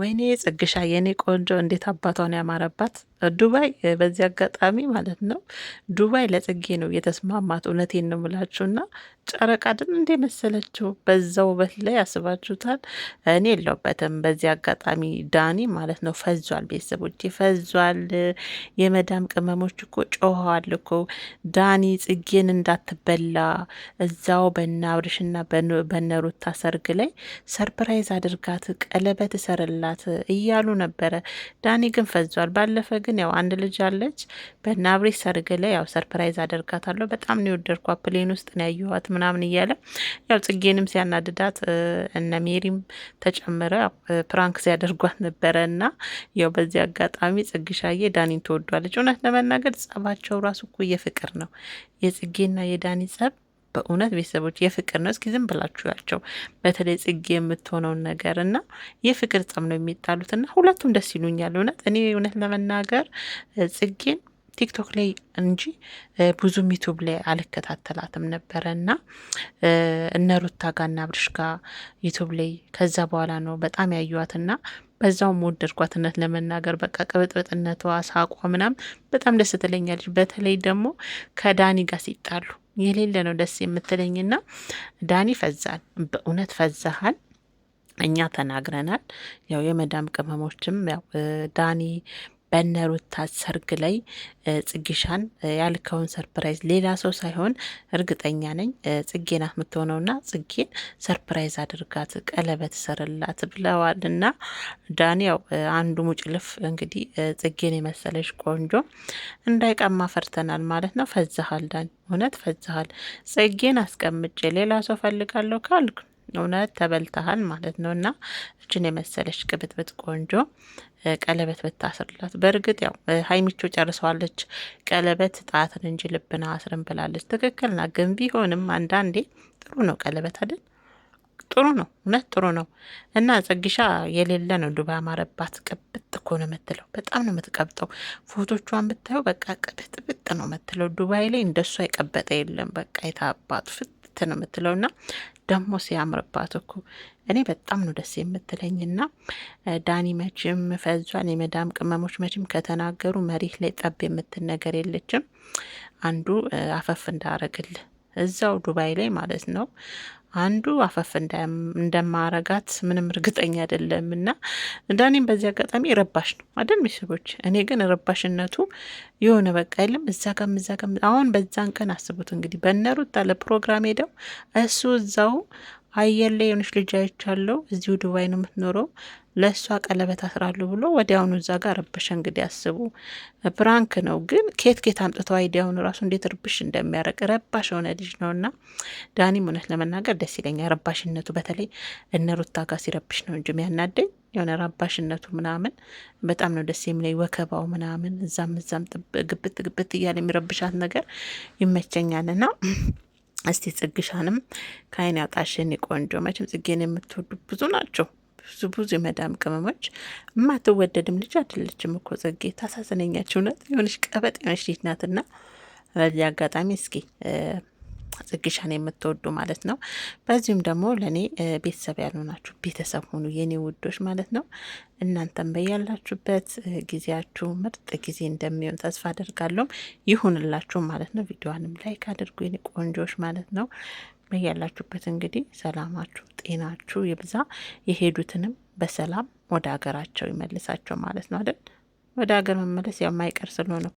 ወይኔ ጽግሻ የኔ ቆንጆ እንዴት አባቷን ያማረባት ዱባይ። በዚህ አጋጣሚ ማለት ነው ዱባይ ለጽጌ ነው የተስማማት። እውነቴን ነው እና ጨረቃ ድን እንዴ መሰለችው በዛ ውበት ላይ ያስባችሁታል። እኔ የለውበትም። በዚህ አጋጣሚ ዳኒ ማለት ነው ፈዟል፣ ቤተሰቦች ፈዟል። የመዳም ቅመሞች እኮ ጮኸዋል እኮ ዳኒ ጽጌን እንዳትበላ እዛው በነ አብርሽና በነሩታ ሰርግ ላይ ሰርፕራይዝ አድርጋት ቀለበት እሰርላ አላት እያሉ ነበረ። ዳኒ ግን ፈዟል። ባለፈ ግን ያው አንድ ልጅ አለች በናብሬ ሰርግ ላይ ያው ሰርፕራይዝ አደርጋታለሁ በጣም ነው የወደድኳት፣ ፕሌን ውስጥ ነው ያየኋት ምናምን እያለ ያው ጽጌንም ሲያናድዳት እነ ሜሪም ተጨምረ ፕራንክ ሲያደርጓት ነበረ እና ያው በዚህ አጋጣሚ ጽግሻዬ ዳኒን ትወዷለች። እውነት ለመናገር ጸባቸው ራሱ እኮ የፍቅር ነው የጽጌና የዳኒ ጸብ በእውነት ቤተሰቦች የፍቅር ነው። እስኪ ዝም ብላችሁ ያቸው በተለይ ጽጌ የምትሆነውን ነገር እና የፍቅር ጸም ነው የሚጣሉት እና ሁለቱም ደስ ይሉኛል። እውነት እኔ እውነት ለመናገር ጽጌን ቲክቶክ ላይ እንጂ ብዙም ዩቱብ ላይ አልከታተላትም ነበረ እና እነ ሩታ ጋና ብርሽ ጋ ዩቱብ ላይ ከዛ በኋላ ነው በጣም ያዩዋትና በዛውም ወደድኳት። ለመናገር በቃ ቅብጥብጥነቷ፣ ሳቋ ምናምን በጣም ደስ ትለኛለች። በተለይ ደግሞ ከዳኒ ጋር ሲጣሉ የሌለ ነው ደስ የምትለኝና ዳኒ ፈዛል፣ በእውነት ፈዛሃል። እኛ ተናግረናል። ያው የመዳም ቅመሞችም ያው ዳኒ በነሩታ ሰርግ ላይ ጽጌሻን ያልከውን ሰርፕራይዝ ሌላ ሰው ሳይሆን እርግጠኛ ነኝ ጽጌ ናት ና ጽጌን ሰርፕራይዝ አድርጋት ቀለበት ሰርላት ብለዋል ብለዋልና ዳኒ ያው አንዱ ሙጭልፍ እንግዲህ ጽጌን የመሰለች ቆንጆ እንዳይቀማ ፈርተናል ማለት ነው። ፈዝሃል ዳኒ፣ እውነት ፈዝሃል ጽጌን አስቀምጬ ሌላ ሰው ፈልጋለሁ ካልክ እውነት ተበልተሃል ማለት ነው። እና እችን የመሰለች ቅብጥብጥ ቆንጆ ቀለበት ብታስርላት። በእርግጥ ያው ሀይሚቾ ጨርሰዋለች፣ ቀለበት ጣትን እንጂ ልብና አስርን ብላለች። ትክክልና ግን ቢሆንም አንዳንዴ ጥሩ ነው ቀለበት አይደል? ጥሩ ነው እውነት ጥሩ ነው። እና ጸግሻ የሌለ ነው ዱባ ማረባት ቅብጥ እኮ ነው የምትለው፣ በጣም ነው የምትቀብጠው። ፎቶቿን ብታዩ በቃ ቅብጥብጥ ነው የምትለው። ዱባይ ላይ እንደሱ የቀበጠ የለም። በቃ የታባጡ ጥርት ነው የምትለው እና ደግሞ ሲያምርባት እኮ እኔ በጣም ነው ደስ የምትለኝ። እና ዳኒ መቼም ፈዟን የመዳም ቅመሞች መቼም ከተናገሩ መሬት ላይ ጠብ የምትል ነገር የለችም። አንዱ አፈፍ እንዳረግል እዛው ዱባይ ላይ ማለት ነው አንዱ አፈፍ እንደማረጋት ምንም እርግጠኛ አይደለም እና እንዳኔም በዚህ አጋጣሚ ረባሽ ነው አደል ሚስቦች። እኔ ግን ረባሽነቱ የሆነ በቃ የለም እዛ ጋም እዛ ጋም። አሁን በዛን ቀን አስቡት እንግዲህ በነሩት አለ ፕሮግራም ሄደው እሱ እዛው አየር ላይ የሆነች ልጅ አይቻለው። እዚሁ ዱባይ ነው የምትኖረው ለእሷ ቀለበት አስራሉ ብሎ ወዲያውኑ እዛ ጋር ረበሸ። እንግዲህ አስቡ፣ ፕራንክ ነው ግን ኬት ኬት አምጥተው አይዲያውኑ ራሱ እንዴት ርብሽ እንደሚያደርግ ረባሽ የሆነ ልጅ ነው። እና ዳኒም እውነት ለመናገር ደስ ይለኛል ረባሽነቱ፣ በተለይ እነ ሩታ ጋር ሲረብሽ ነው እንጂ የሚያናደኝ የሆነ ረባሽነቱ ምናምን በጣም ነው ደስ የሚለኝ። ወከባው ምናምን እዛም እዛም ግብት ግብት እያለ የሚረብሻት ነገር ይመቸኛል ና እስቲ ጽግሻንም ከአይን ያውጣሽን ቆንጆ። መቼም ጽጌን የምትወዱ ብዙ ናቸው። ብዙ ብዙ የመዳም ቅመሞች የማትወደድም ልጅ አይደለችም እኮ ጽጌ፣ ታሳዝነኛችሁ። እውነት የሆነች ቀበጥ የሆነች ልጅ ናትና በዚህ አጋጣሚ እስኪ ጽግሻን የምትወዱ ማለት ነው። በዚሁም ደግሞ ለእኔ ቤተሰብ ያሉ ናችሁ፣ ቤተሰብ ሆኑ የእኔ ውዶች ማለት ነው። እናንተም በያላችሁበት ጊዜያችሁ ምርጥ ጊዜ እንደሚሆን ተስፋ አደርጋለሁም ይሁንላችሁ ማለት ነው። ቪዲዮንም ላይክ አድርጉ የኔ ቆንጆች ማለት ነው። በያላችሁበት እንግዲህ ሰላማችሁ፣ ጤናችሁ ይብዛ። የሄዱትንም በሰላም ወደ ሀገራቸው ይመልሳቸው ማለት ነው አይደል? ወደ ሀገር መመለስ የማይቀር ስለሆነ